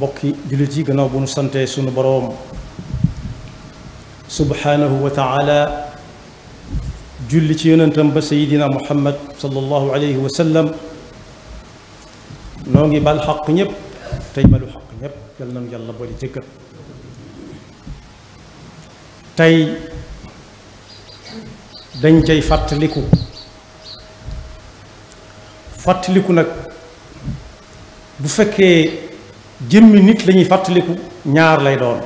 bokki jullit yi gannaaw bu nu santee sunu boroom subhanahu wa taala julli ci yonentam ba sayidina muhammad sallallahu alayhi wa sallam noo ngi bal xaq ñëpp tey balu xaq ñëpp yal nañu yàlla boole jëggal tey dañ cay fàttaliku fàttaliku nag bu fekkee jëmmi nit lañuy fàttaliku ñaar lay doon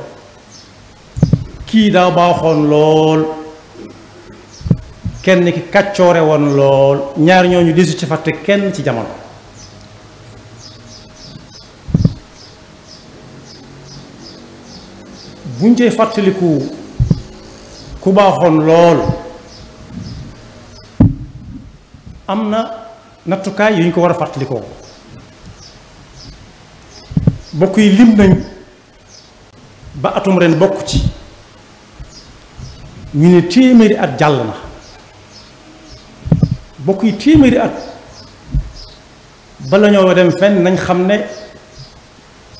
kii daa baaxoon lool kenn ki kàccoore woon lool ñaar ñu desu ci fàtte kenn ci jamono buñ cay fàttaliku ku baaxoon lool am na nattukaay yu ñu ko war a fàttalikoo bokk yi lim nañ ba atum ren bokk ci ñu ne téeméeri at jàll na bokk yi téeméeri at bala ñoo dem fenn nañ xam ne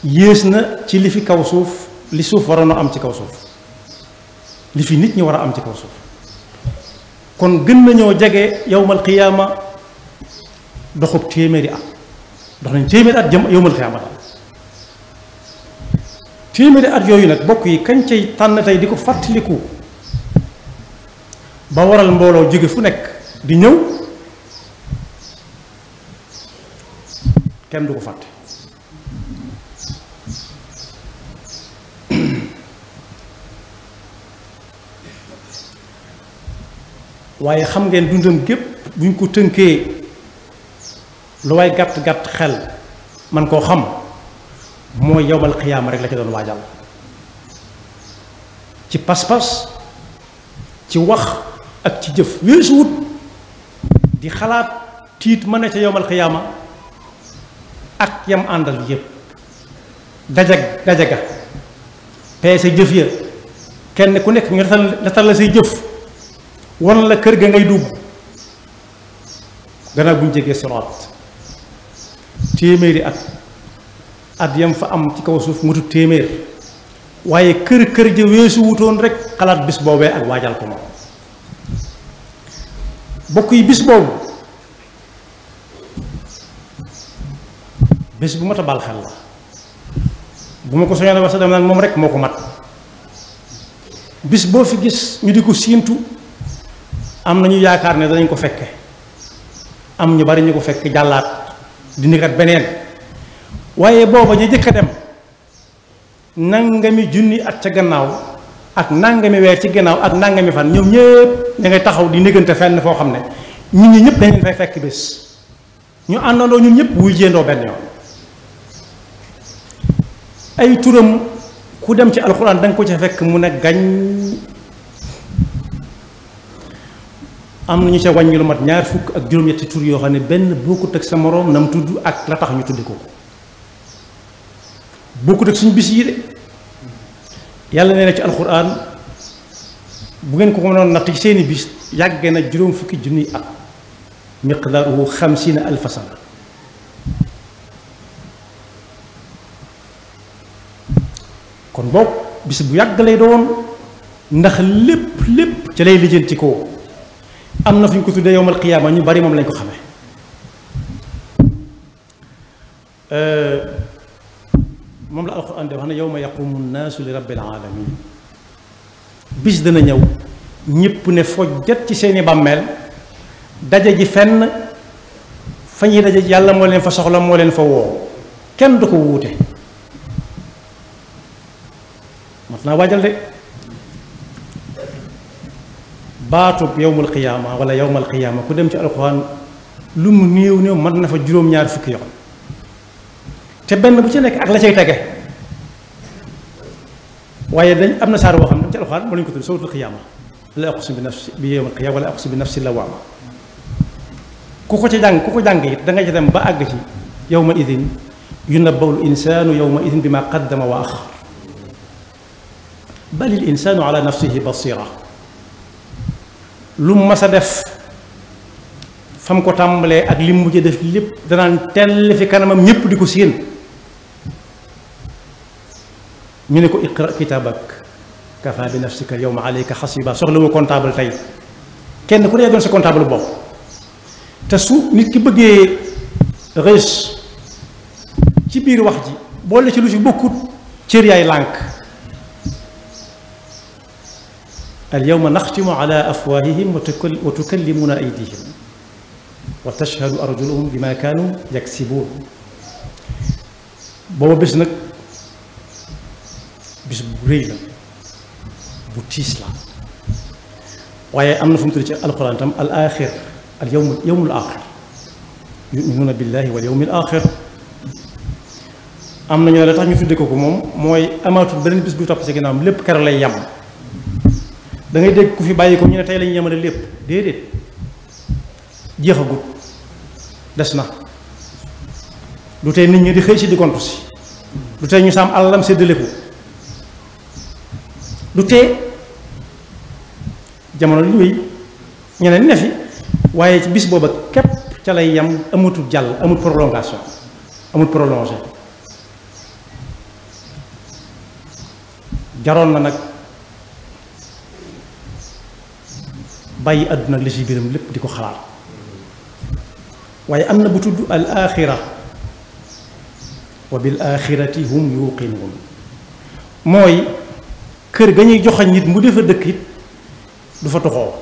yées na ci li fi kaw suuf li suuf waroon a am ci kaw suuf li fi nit ñi war a am ci kaw suuf kon gën nañoo jege yowmal xiyaama doxub téeméeri at dox nañ téeméeri at jëm yowmal xiyaama daal téeméeri at yooyu nag bokk yi kañ cay tànn tey di ko fàttaliku ba waral mbooloo jóge fu nekk di ñëw kenn du ko fàtte waaye xam ngeen dundam gépp bu ñu ko tënkee lu waay gàtt gàtt xel man koo xam moy yowmal qiyam rek la ci doon wajal ci pass pass ci wax ak ci jëf weesu wut di xalaat tiit mané ci ca yowmal xiyaama ak yam àndal yépp dajag dajaga peese jëf ya kenn ku nekk ñu la natal la say jëf won la kër ga ngay dugg gannaaw buñu ñu sirat téméri ak at yam fa am ci kaw suuf mutu téeméer waaye kër kër ja weesu wutoon rek xalaat bis boobee ak waajal ko moom bokk yi bis boobu bis bu mat a bal xel la bu ma ko soñoon wax sax dama naan moom rek moo ko mat bis boo fi gis ñu di ko siintu am nañu yaakaar ne danañ ko fekke am ñu bari ñu ko fekk jàllaat dindi kat beneen waye booba ñu jëk dem nangami junni at ca gannaaw ak nangami wër ci gannaaw ak nangami fan ñoom ñepp da ngay taxaw di négante fenn fo xamne ñi ñi ñepp dañu fay fekk bes ñu àndandoo ñun ñepp wuy jéendoo ben yoon ay turam ku dem ci alxuraan dang ko ci fekk mu ne gañ am ñu ci wañu lu mat ñaar fukk ak juroom ñetti tur yo xamne ben boku tek sa morom nam tuddu ak la tax ñu ko bokkut ak suñu bis yi de yàlla nee na ci alxuraan bu ngeen ko mënoon natt ci seeni bis yàgg na juróom fukki junniy at miqdaaruhu xamsiina alfa sana kon boog bis bu yàgg lay doon ndax lépp lépp ci lay lijjanti ko am na fu ñu ko tuddee yowmal qiyaama ñu bari moom lañ ko xamee مملا القران ده هنا يوم يقوم الناس لرب العالمين بيس دنا نيو نيب ني فوج جات سي سيني بامل داجي جي فن فاني داجي يالا مولين فا سخلا مولين فا وو كين دوكو ووتي متنا واجال دي باتو يوم القيامه ولا يوم القيامه كو ديم سي القران لوم نيو نيو مات نفا جوروم ñaar fukki yoon té benn bu ci nek ak la cey tégué waye dañ amna sar bo xamne ci alquran mo lañ ko tudd sawtul qiyam la aqsim bi nafsi bi yawm alqiyam wala aqsim bi nafsi lawama ku ko ci jàng ku ko jàng it da nga ci dem ba ag ci yawma idin yunabbawul insaanu yawma idin bima qaddama wa akhar bal il insaanu ala nafsihi basira lum ma sa def fam ko tambale ak limu mu def lépp da nan tel fi kanamam ñëpp diko séen ñu ne ko iqra kitabak kafa bi nafsika yawma alayka xasiba soxlawu comptable tey kenn ku ne doon sa comptable bopp te su nit ki bëggee riche ci biir wax ji boole ci lu ci bokkut cër yaay lànk al yawma naxtimu ala afwahihim wa tukallimuna aydihim wa tashhadu arjuluhum bima kaanu yaksibuun booba bés nag bis bu rëy la bu tiis la waaye am na fu mu tudd ci alxuraan tam al axir al yawm yawmul axir yuminuuna billahi wal yawmil axir am nañu ne la tax ñu tudde ko ko moom mooy amaatul beneen bis bu topp ci ginnaawam lépp kër lay yem da ngay dégg ku fi bàyyi ko ñu ne tey la ñu yemale lépp déedéet jeexagut des na lu tey nit ñi di xëy si di kontu si lu tey ñu saam alalam séddale ko du tee jamono du wéy ñeneen ne fi waaye ci bis booba képp ca lay yam amatul jàll amul prolongation amul prolongé jaroon na nag bàyyi àdduna li ci biiram lépp di ko xalaat waaye am na bu tudd al axira wa bil axirati hum yuqinuun mooy kër ga ñuy joxañ nit mu defa dëkk it du fa toxoo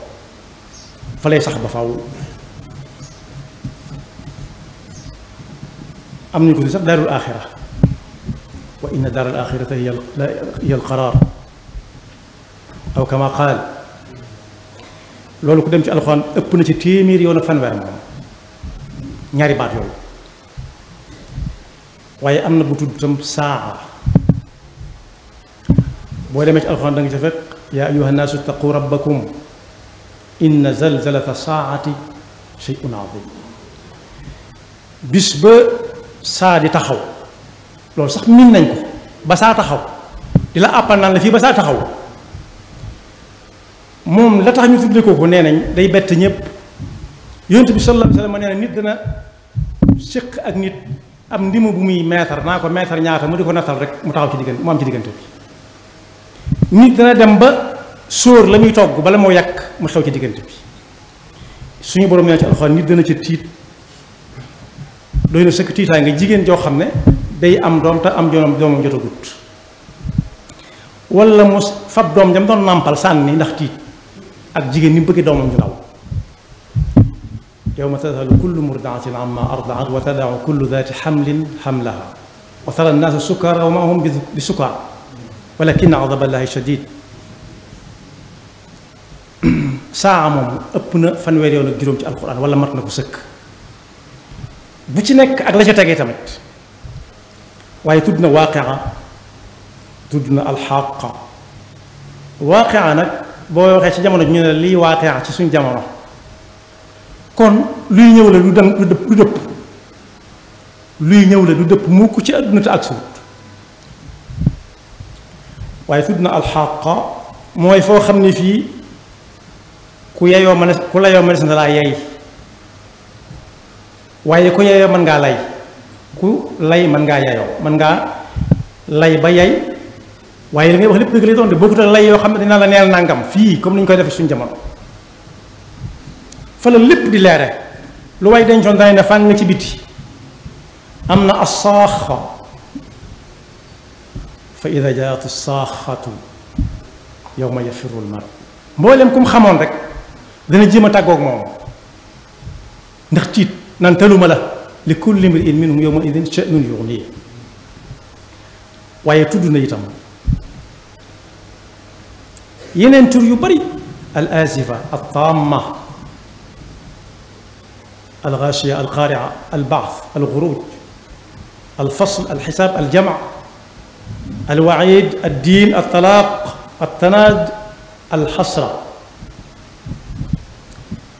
fa lay sax ba faaw am nañu ko si sax daarul aaxira wa inna daaral aaxirata hiya al qaraar aw kama qaal loolu ku dem ci alxuraan ëpp na ci téeméer yoon fanweer moom ñaari baat yooyu waaye am na bu tudd tam saa بولا مش القرآن دنج تفق يا أيها الناس اتقوا ربكم إن زلزلة الساعة شيء عظيم بسبب ساعة تخو لو صح من نجو بساعة تخو إلا أبنا نلفي بساعة تخو موم لا تخنو في بلكو هنا نج داي بتنيب يونت بسال الله سلام عليه نيت دنا شق أغنيت أم ديمو بومي ماتر ناكو ماتر نياتر مدي كنا ثالرك متعاوش ديجن مام ديجن تبي nit dana dem ba sóor la muy togg bala moo yàq mu xew ci diggante bi suñu borom nee ci alxuraan nit dana ca tiit doy na sëkk tiitaay nga jigéen joo xam ne day am doom te am jonom doomam jotagut wala mu fab doom jam doon nàmpal sànni ndax tiit ak jigéen ni mu bëggee doomam ju ndaw ma tadhalu kullu murdaatin amma ardaat wa tadaau kullu daati xamlin sukkaar ولكن عذاب الله شديد ساعة مم أبنا فنوريون جروم في القرآن ولا مرنا بسك بتشنك أغلى شيء تجيت أمت ويتبنا واقعة تبنا الحق واقعة نك بوي وقت شجع من الدنيا لي واقعة تسون جمرة كون لينيو ولا لودن لودب لودب لينيو ولا لودب مو كتشي أدنى تأكسوت waye fitna al haqa moy fo xamni fi ku yeyo man ku layoo mënees na la yey waye ku yeyo man nga lay ku lay man nga yeyo man nga lay ba yey waye ngay wax lépp deug lay doon de bokkut ak lay yo xamni dina la neel nangam fi comme niñ koy def suñu jamono fa la lépp di léré lu way dencoon danañ ne fàng nga ci biti amna as asaaxa فida jaat saaxatu yawma yafirul mar mboolem ku mu xamoon rek dana jéem a tàggoog moom ndax tiit naan taluma la li kulli mri'in minhum yawma idin sha'nun yughnihi waaye tudd na itam yeneen tur yu bari al azifa al taama al ghaashiya al qaari'a al ba'th al xuruj al fasl al xisaab al jama' الوعيد الدين الطلاق التناد الحصرة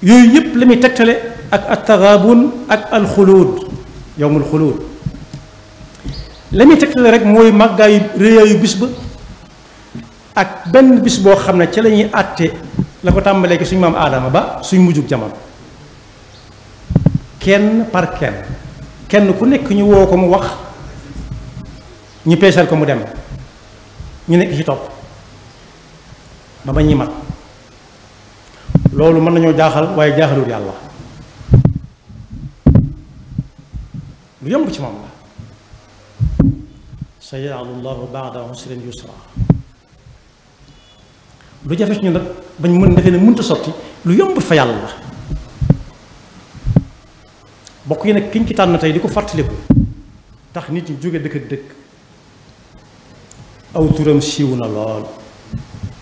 ييب لمي تكتلي أك التغابن أك الخلود يوم الخلود لمي تكتلي رك موي مغا ريا يبسب أك بن بسبو خمنا تلي ني أتي لكو تامبالي كي سيمام آدم با سيم موجوك جامان كين بار كين كين كوني كني ووكو موخ ñi peesal ko mu dem ñu nekk ci topp ba ba ñuy mat loolu mën nañoo jaaxal waaye jaaxalul yàlla lu yomb ci moom la sa yaj'alu llahu ba'da usrin yusra lu jafe ci ñu nag bañ mën defee ne mënta sotti lu yomb fa yàlla bokk yi nag kiñ ki tànn tey di ko fàttaliku tax nit ñi jóge dëkk dëkk aw turam siwu na lool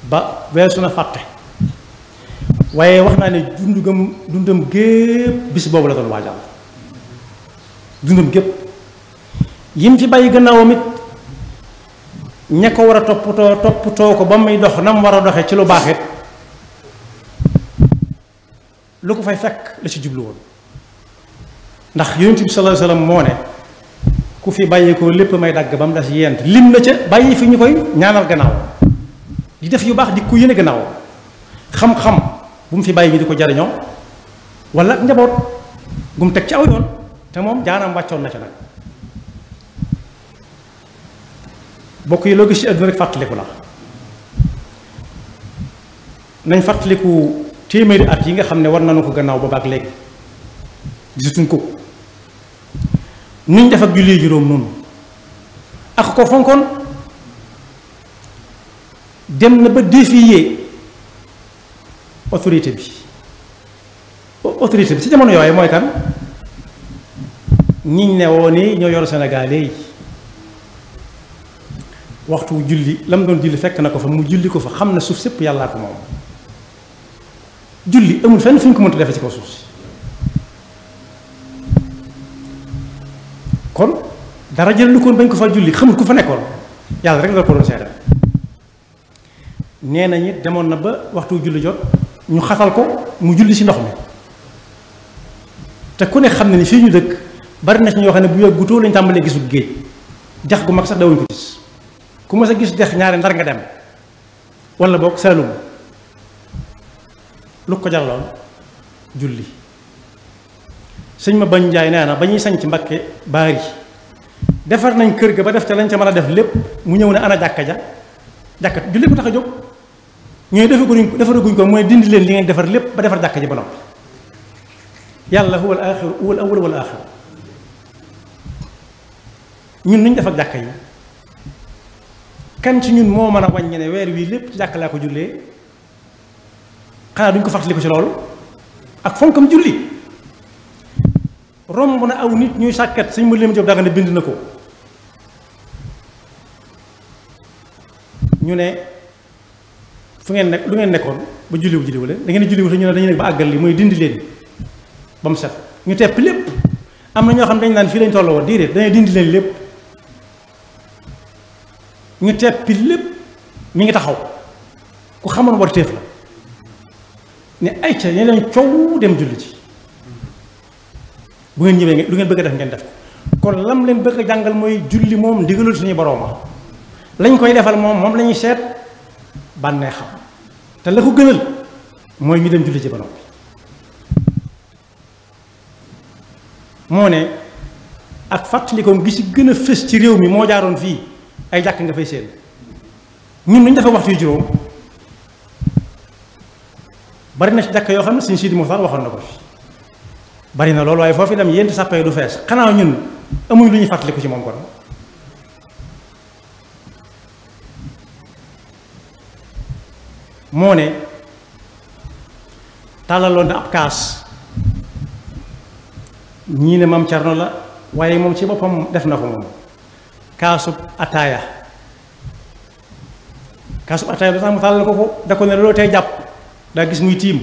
ba weesu na fàtte waaye wax naa ne dundugam dundam gépp bis boobu la doon waajal dundam gépp yim fi bàyyi gannaawam it ña ko war a toppatoo toppatoo ko ba muy dox na mu war a doxee ci lu baax it lu ko fay fekk la ci jublu woon ndax yonent bi sallallahu alayhi moo ne ku fi bàyyeekoo lépp may dagg ba mu des yent lim na ca bàyyi fi ñu koy ñaanal gannaaw di def yu baax di ku yéene gannaaw xam-xam bu mu fi bàyyi ñu di ko jariñoo wala njaboot gu mu teg ci awyoon te moom jaanaam wàccoon na ca nag bokk yi loo gis ci àdduna rek fàttaliku la nañ fàttaliku téeméeri at yi nga xam ne war nañu ko gannaaw booba ak léegi gisatuñ ko niñ def ak jullee juróom noonu ak ko fonkoon dem na ba défier autorité bi autorité bi ci jamono yooyu mooy kan ñiñ ne woon ni ñoo yor Sénégalais yi waxtu julli la mu doon julli fekk na ko fa mu julli ko fa xam na suuf sépp yàllaa ko moom julli amul fenn fu ñu ko mënta defe ci kaw suuf kon dara jël ko bañ ko fa julli xamul ku fa nekkoon yàlla rek la ko doon seetal nee na it demoon na ba waxtu julli jot ñu xatal ko mu julli si ndox mi te ku ne xam ne ni fii ñu dëkk bari na si ñoo xam ne bu yàggutoo lañ tàmbalee gisul géej dex gu mag sax dawuñ ko gis ku ma sa gis dex ñaari ndar nga dem walla boog Saalum lu ko jaraloon julli sëñ ma bañ njaay nee na ba ñuy sañ ci mbakke baar yi defar nañ kër ga ba def ca lañ ca man a def lépp mu ñëw ne ana jàkka ja jàkka ju lépp tax a jóg ñooy defaguñ defaraguñ ko mooy dindi leen li ngeen defar lépp ba defar jàkka ji ba yàlla huwal aaxiru huwal awwal wal aaxiru ñun def defar jàkka yi kan ci ñun moo mën a wàññi ne weer wii lépp ci laa ko jullee xanaa duñ ko fàttaliku ci loolu ak fonkam julli romb na aw nit ñuy sàkkat suñ mu lim Jóob Dagana bind na ko ñu ne fu ngeen nekk lu ngeen nekkoon ba julliwu julliwu leen da ngeen julliwu te ñu ne dañu nekk ba àggal li mooy dindi leen ba mu set ñu tepp lépp am na ñoo xam dañ naan fii lañ toll woon déedéet dañuy dindi leen lépp ñu teppi lépp mi ngi taxaw ku xamoon war téef la ne ay ca ñe leen coow dem julli ci bu ngeen ñëwee lu ngeen bëgg a def ngeen def ko kon lam leen bëgg a jàngal mooy julli moom ndigalul suñu borooma lañ koy defal moom moom lañuy seet bànnee te la ko gënal mooy ñu leen julli ci ba noppi moo ne ak fàttalikoom gi si gën a fës ci réew mi moo jaaroon fii ay jàkk nga fay seen ñun lu ñu defee waxtu yu juróom bari na ci jàkk yoo xam ne suñu Sidi Moxtaar waxoon na ko fi bari na loolu waaye foofu dem yént sàppee du fees xanaa ñun amuñ lu ñuy fàttaliku ci moom kon moo ne tàllaloon na ab kaas ñii ne maam Cerno la waaye moom ci boppam def na ko moom kaasub ataaya kaasub ataaya lu tax mu tàllal ko ko da ko ne loolu tey jàpp daa gis muy tiim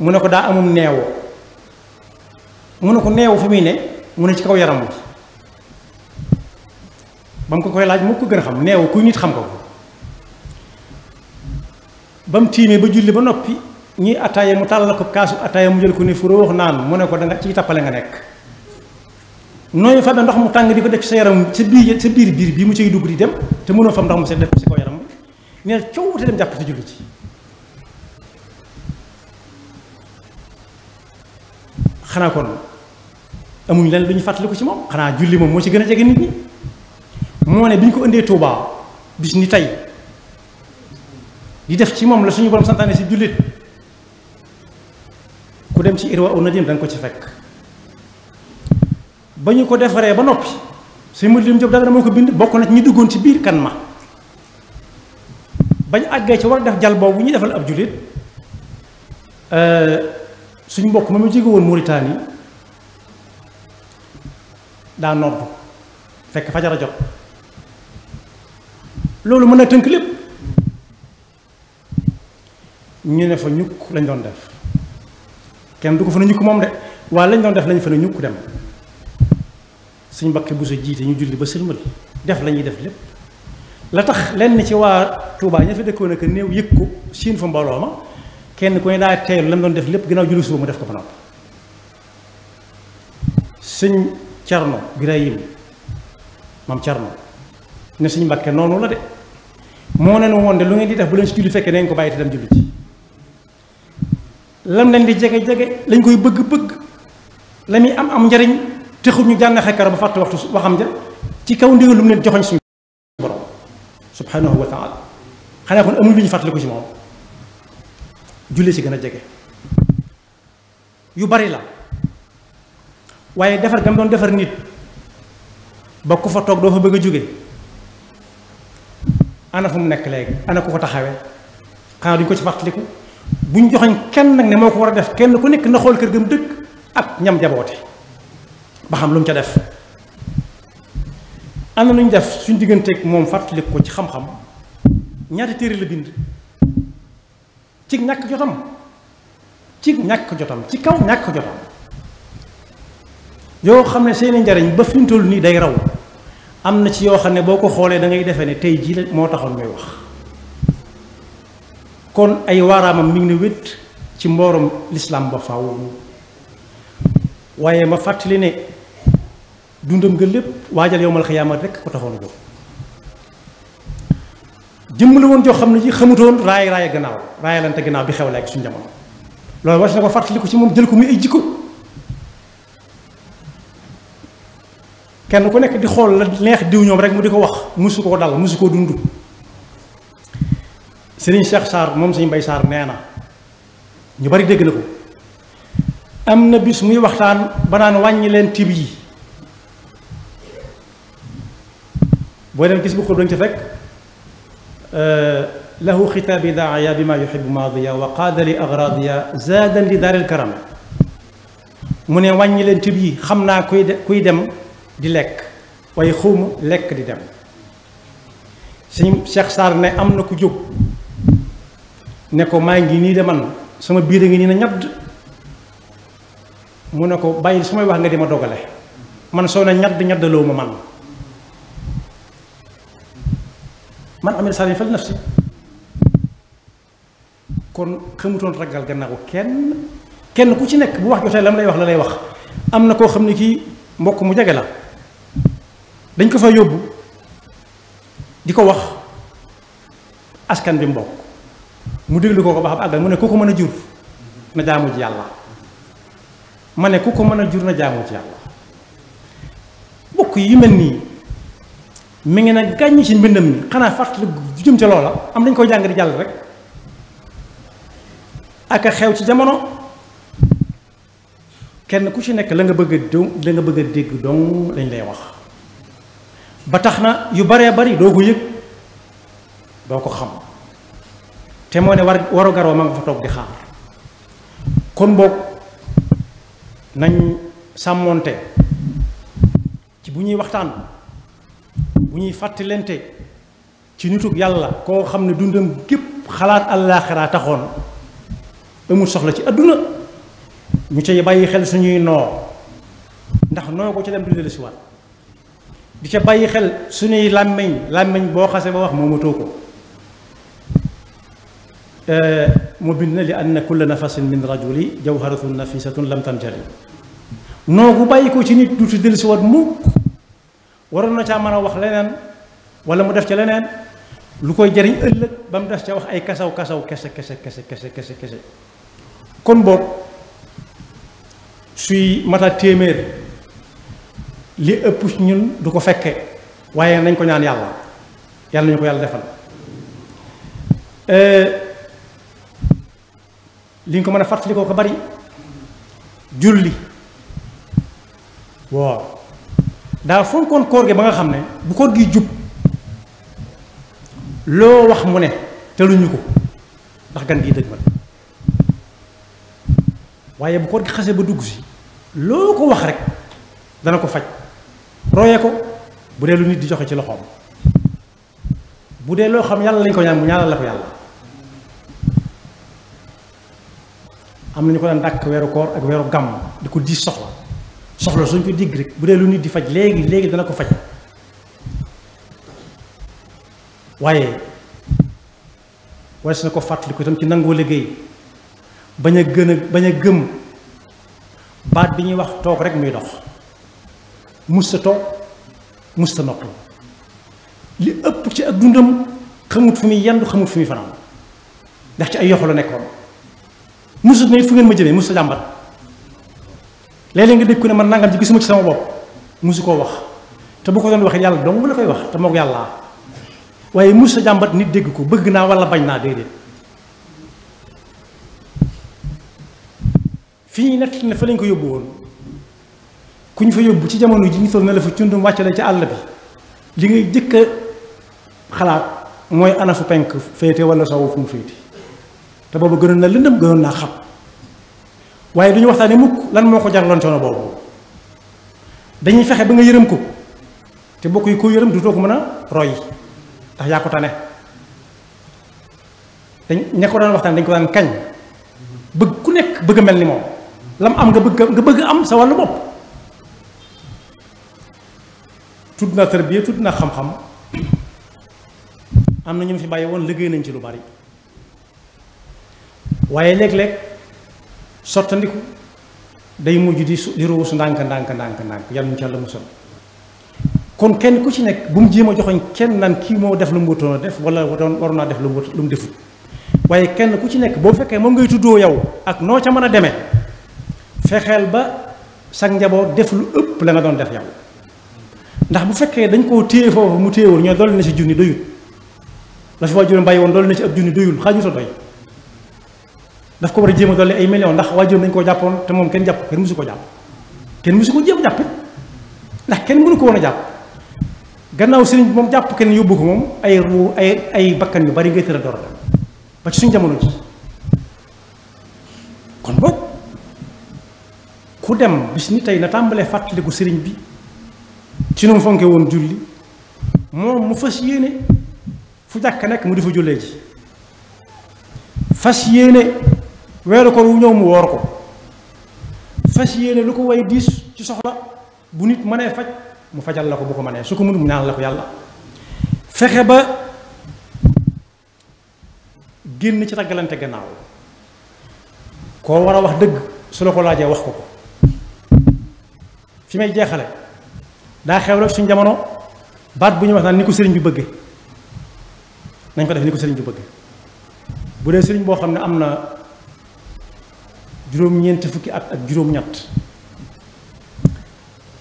mu ne ko daa amum neew mu ne ko neew fu muy ne mu ne ci kaw yaram bi ba mu ko koy laaj moo ko gën a xam neew kuy nit xam ko ko ba mu tiimee ba julli ba noppi ñuy attaaye mu tàllal ko kaasu attaaye mu jël ko ni fu wax naan mu ne ko danga ciy tappale nga nekk nooy fabe ndox mu tàng di ko def ci sa yaram sa biir sa biir biir bii mu ciy dugg di dem te mënoo fam ndox mu set def ci kaw yaram bi coow te dem jàpp ci julli ci xanaa kon amuñ lan lu ñu fàttaliku ci moom xanaa julli moom moo ci gën a jege nit ñi moo ne bi ñu ko indee Touba bis ni tey di def ci moom la suñu borom santaane si jullit ku dem ci Irwa Nadim da nga ko ci fekk ba ñu ko defaree ba noppi suñu mën lim Jóob moo ko bind bokk na ñu duggoon ci biir kan ma bañ àggee ci war a def jal boobu ñu defal ab jullit euh, suñ mbokk ma mu jóge woon Mauritanie daa nodd fekk fajara jot loolu mën a tënk lépp ñu ne fa ñukk lañ doon def kenn du ko fa na ñukk moom de waaye lañ doon def lañ fa na ñukk dem suñ mbokki bu sa jiite ñu julli ba sëlmal def la ñuy def lépp la tax lenn ci waa Touba ña fa dëkkoon ak néew yëg ko siin fa mbooloo ma kenn ku ne daa teylu la doon def lépp ginnaaw julli suba mu def ko ba noppi sëñ Cerno Birahim maam Cerno ne sëñ Mbàkke noonu la de moo ne woon de lu ngeen di def bu leen si julli fekkee neen ko bàyyi te dem julli ci lam leen di jege jege lañ koy bëgg bëgg la am am njariñ texut ñu jàng xekkara ba fàtte waxtu waxam ja ci kaw ndigal lu mu leen joxoñ suñu borom subhanahu wa xanaa kon amul lu ñu fàttaliku ci moom julli ci gën a jege yu bari la waaye defar gam doon defar nit ba ku fa toog doo fa bëgg a jóge ana fu mu nekk léegi ana ku ko taxawee xanaa duñ ko ci fàttaliku buñ joxoñ kenn nag ne moo ko war a def kenn ku nekk na xool kër gam dëkk ak ñam jaboote ba xam lu mu ca def am na def suñ digganteeg moom fàttaliku ko ci xam-xam ñaata téere la bind ci ñàkk jotam ci ñàkk jotam ci kaw ñàkk jotam yo xamne ne seeni njariñ ba fi toll ni day raw am na ci yo xamne boko xolé da ngay defé ne tay ji mo moo ngay wax kon ay waram mi ngi ne wét ci mborom l'islam ba faaw waye ma fatali ne dundam nga lepp wajal yowmal xiyaamaat rek ko jëmm la woon joo xam ne ji xamutoon raay raay gannaaw raayalante gannaaw bi xew la ak suñu jamono loolu war na ko fàttaliku ci moom jël ko muy ay jikko kenn ku nekk di xool la neex diw ñoom rek mu di ko wax musu koo dal musu koo dund Serigne Cheikh Sarr moom Serigne Mbaye Sarr nee na ñu bari dégg na ko am na bis muy waxtaan ba wàññi leen tib yi boo dem gis bu xool dañ ci fekk آه، له خطاب داعيه بما يحب ماضيه وقاد لاغراضيه زادا لدار الكرم من واني لن تبي خمنا كوي دم دي لك ويخوم لك دي دم شيخ صار ني امنا كو جوب نكو ما ني دمان سمو بيرغي ني نياد مونكو باي سما واخ نغي دوغالي من سونا نياد نيادلو ما مان man amee sànni fal nafsi kon xamutoon ragal gannaaw kenn kenn ku ci nekk bu wax jotee lam lay wax la lay wax am na koo xam ne kii mbokk mu jege la dañ ko fa yóbbu di ko wax askan bi mbokk mu déglu ko ko ba xam àggal mu ne ku ko mën a jur na jaamu ji yàlla ma ne ku ko mën a jur na jaamu ji yàlla mbokk yi mel nii mi ngi nag gàññ ci mbindam mi xanaa fàttali jëm ca loola am dañ koy jàng di jàll rek ak xew ci jamono kenn ku ci nekk la nga bëgg a la nga bëgg a dégg dong lañ lay wax ba tax na yu baree bari doo ko yëg doo ko xam te moo ne war waru garoo ma nga fa toog di xaar kon boog nañ sàmmoonte ci bu ñuy waxtaan bu ñuy fàttalante ci nituk yàlla koo xam ne dundam képp xalaat àllaaxiraa taxoon amul soxla ci adduna ñu cay bàyyi xel ñuy noo ndax noo ko ca dem du dellusiwaat di ca bàyyi xel suñuy làmmiñ làmmiñ boo xase ba wax moomatoo ko euh, mu bind na li anna kulla nafasin min rajuli jawharatun nafisatun lam tamtali noo bàyyi ko ci nit du ci dellusiwaat waroon na caa mën wax lenen wala mu def ci lenen lu koy jëriñ ëlëk ba mu def ci wax ay kasaw kasaw kese kese kese kese kese kese kon bok suy mata témèr li ëpp ci ñun du ko fekke waaye nañ ko ñaan yalla yalla ñu ko yalla defal li ñu ko mën a ko bari julli waaw daa kon koor ge ba nga xamne bu koor gi jup lo wax mu ne luñu ko ndax gan gi deug ma waye bu koor gi xasse ba dugg si lo ko wax rek dana ko fajj royé ko bu de lu nit di joxe ci loxom bu de lo xam yalla lañ ko ñaan ñaanal la ko yalla am nañ ko dan dak wéru koor ak gam diko di soxla soxla suñ ko digg rek bu dee lu nit di faj léegi léegi dana ko faj waaye wares na ko fàttaliku itam ci nangoo liggéey bañ a gën a bañ a gëm baat bi ñuy wax toog rek muy dox musta toog mus sa noppalu li ëpp ci ak dundam xamut fu muy yendu xamut fu muy fanaan ndax ci ay yoxu la nekkoon musut ne fu ngeen ma jëmee musta jàmbat léeg-léeg nga dégg ko ne man nangam ci gisuma ci sama bopp musu koo wax te bu ko doon waxee yàlla dong la koy wax te moog yàlla waaye musu sa jàmbat nit dégg ko bëgg naa wala bañ naa déedéet. fii nag ne fa lañ ko yóbbu woon ku ñu fa yóbbu ci jamono ji ñu toll na la fa cundum wàcce la ci àll bi li ngay jëkk a xalaat mooy ana penk féete wala sowu fu mu féete te boobu gënoon na lëndëm gënoon naa xam. waaye du ñu waxtaanee mukk lan moo ko jaraloon coono boobu dañuy fexe ba nga yërëm ko te bokk yi ko yërëm du toog mën a roy ndax yaa ko tane dañ ña ko daan waxtaan dañ ko daan kañ bëgg ku nekk bëgg a mel ni moom lam am nga bëgg bëgg am sa wàllu bopp tudd naa tërbiya tudd naa xam-xam am na ñu fi bàyyi woon liggéey nañ ci lu bari waaye léeg-léeg sottandiku day mujj di su di ruus ndànk ndànk ndànk ndànk yàlla ñu ci mu musal kon kenn ku ci nekk bu mu jéem a joxoñ kenn nan kii moo def lu mu wutoon def wala doon waroon naa def lu mu lu mu defut waaye kenn ku ci nekk boo fekkee moom ngay tuddoo yow ak noo ca mën a demee fexeel ba sag njaboot def lu ëpp la nga doon def yow ndax bu fekkee dañ koo téye foofu mu téye téyewul ñoo dolli na ci junni doyul la fi waajuram bàyyi woon dolli na ci ab junni doyul doy daf ko war a jéem a dolli ay millions ndax waajoon nañu koo jàppoon te moom kenn jàpp kenn mësu ko jàpp kenn mësu ko jéem jàpp ndax kenn mënu ko woon a jàpp gannaaw sëriñ bi moom jàpp kenn yóbbu ko moom ay ru ay ay bakkan yu bari ngay tëral door ba ci suñu jamono ji kon boog ku dem bis ni tey na tàmbalee fàttaliku sëriñ bi ci nu mu fonke woon julli moom mu fas yéene fu jàkk nekk mu di fa jullee ji fas yéene weeru koor wu ñëw mu woor ko fas yéene lu ko way diis ci soxla bu nit nee faj mu fajal la ko bu ko mënee su ko mënul mu ñaan la ko yàlla fexe ba génn ci taggalante gannaaw ko war a wax dëgg su la ko laajee wax ko ko fi may jeexale daa xew rek suñ jamono baat bu ñuy wax naan ni ko sëriñ bi bëgge nañ ko def ni ko sëriñ bi bëgge bu dee sëriñ boo xam ne am na juróom-ñeenti fukki at ak juróom-ñett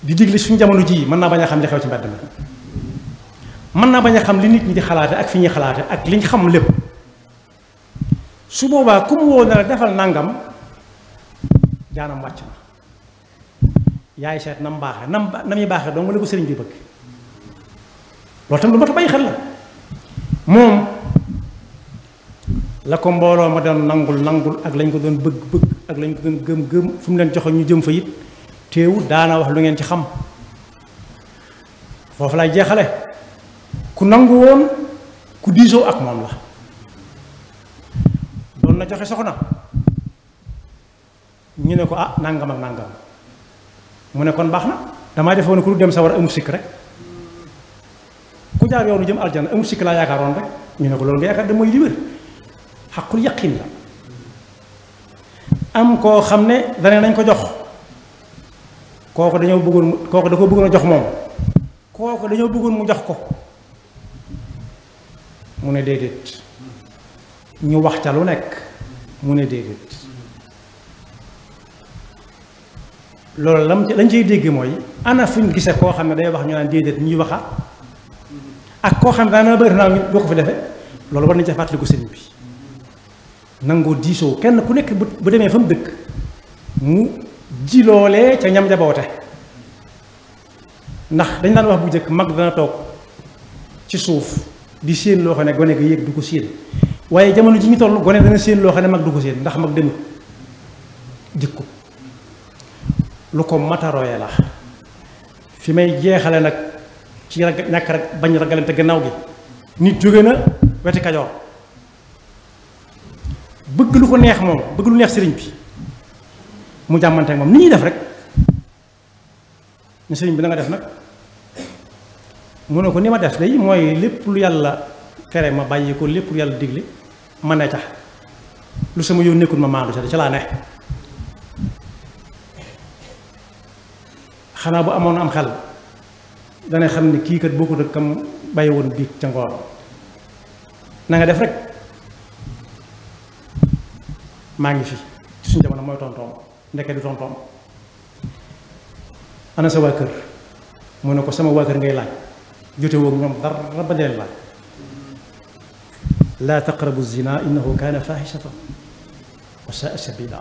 di digle suñ jamono jii mën naa bañ a xam li xew ci mbedd mi mën naa bañ a xam li nit ñi di xalaate ak fi ñuy xalaate ak liñ ñu xam lépp su boobaa ku mu woo na defal nangam jaanam wàcc na yaay seet nam baaxe nam na muy baaxee dong la ko sëriñ bi bëgg loolu tam lu mat a bàyyi la moom la ko mbooloo ma doon nangul nangul ak lañ ko doon bëgg bëgg ak lañ ko doon gëm gëm fu mu leen joxe ñu jëm fa it teewul daana wax lu ngeen ci xam foofu lay jeexale ku nangu woon ku diisoo ak moom la doon na joxe soxna ñu ne ko ah nangam ak nangam mu ne kon baax na damaa defoon ku dem sawar amul sikk rek ku jaar yoonu jëm aljana amul sikk laa yaakaaroon rek ñu ne ko loolu nga yaakaar da mooy xaqul yaqin la am koo xam ne dane nañ ko jox kooko dañoo bëggoon mu kooku da ko bëggoon jox moom kooku dañoo bëggoon mu jox ko mu ne déedéet ñu wax ca lu nekk mu ne déedéet loolu lam lañ cay dégg mooy ana fuñ gisee koo xam ne day wax ñu naan déedéet ñuy waxa ak koo xam ne daanaka bëri naa boo ko fi defee loolu war nañ ca fàttaliku sëñ bi nangoo diisoo kenn ku nekk bu demee fa mu dëkk mu ji ca ñam jaboote ndax dañ daan wax bu njëkk mag dana toog ci suuf di séen loo xam ne gone ga yéeg du ko séen waaye jamono ji ñu toll gone dana séen loo xam ne mag du ko séen ndax mag demut jikko lu ko matarooye la fi may jeexale nag ci rag ñàkk rek bañ ragalante gannaaw gi nit jóge na weti kajoor bëgg lu ko neex mom bëgg lu neex sëriñ bi mu jamanté ak moom ni ñi def rek ne sëriñ bi nga def nak mu ne ko ni ma def day moy lepp lu yalla féré ma bayyi ko lepp lu yalla diglé ma ne tax lu sama yow nekkul ma ma lu ci la neex xana bu amono am xel da ne xamni ki kat bokkut ak kam bàyyi bi ci ngor na nga def rek ماني في سنجا وانا موي تونتوم نك دي تونتوم انا سوا كير مو نكو سما واكر غي لاج جوتي وك نيوم دار با لا لا تقربوا الزنا انه كان فاحشه وساء سبيلا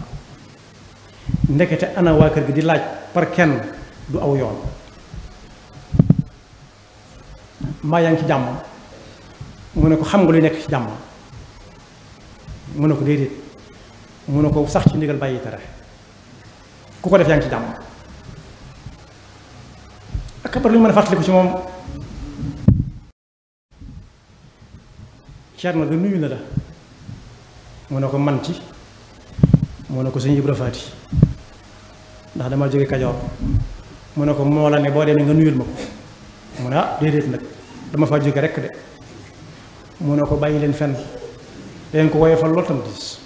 نكت انا واكر دي لاج بار كين دو او يون ما يانك جام مو نكو خامغ لي نك جام مو نكو ديديت mun a ko sax ci ndigal bàyyi tere ku ko def yaa ci jàmm ak xabar lu ñu mën a fàttaliku ci moom Cerno da nuyu na la mu ne ko man ci mu ne ko sëñ Ibra ndax dama jóge Kajoor mu ne ko moo la ne boo demee nga nuyul ma ko mu ne ah, déedéet nag dama faa jóge rekk de mu ne ko bàyyi leen fenn leen ko woyofal lool tam diis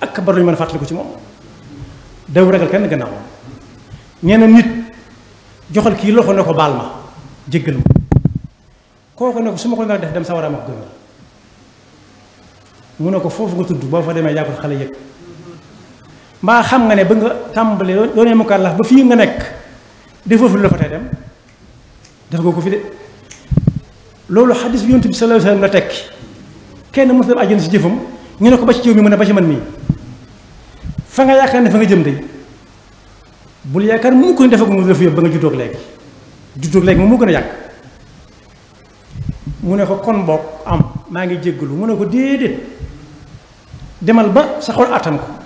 ak kabar lu ñu mën a fàttaliku ci moom daw ragal kenn gannaaw nee na nit joxal kii loxo ne ko baal ma jéggal ma kooku ne ko su ma ko def dem sawara ma ko gënal mu ne ko foofu nga tudd boo fa demee yàggul xale yëg mbaa xam nga ne ba nga tàmbalee doonee mukallaf ba fii nga nekk defoo fi lu la fa dem def koo ko fi de loolu xadis bi yonent bi sallallahu alayhi wa sallam la tekki kenn mos dem àjjana si jëfam ñu ne ko ba ci jiw mi mu ne ba ci man mii fa nga yaakaar ne fa nga jëm de bul yaakaar mu ko defee ko mu def yëpp ba nga juddoo ak léegi juddoo ak léegi moom moo gën a yàgg mu ne ko kon bokk am maa ngi jéggalu mu ne ko déedéet demal ba sa xol atam ko